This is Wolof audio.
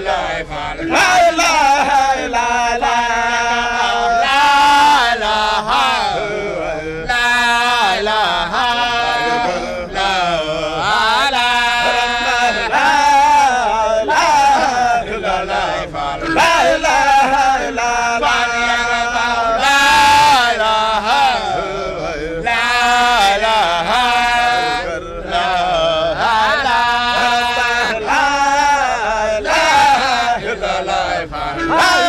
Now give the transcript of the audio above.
la Hallelujah.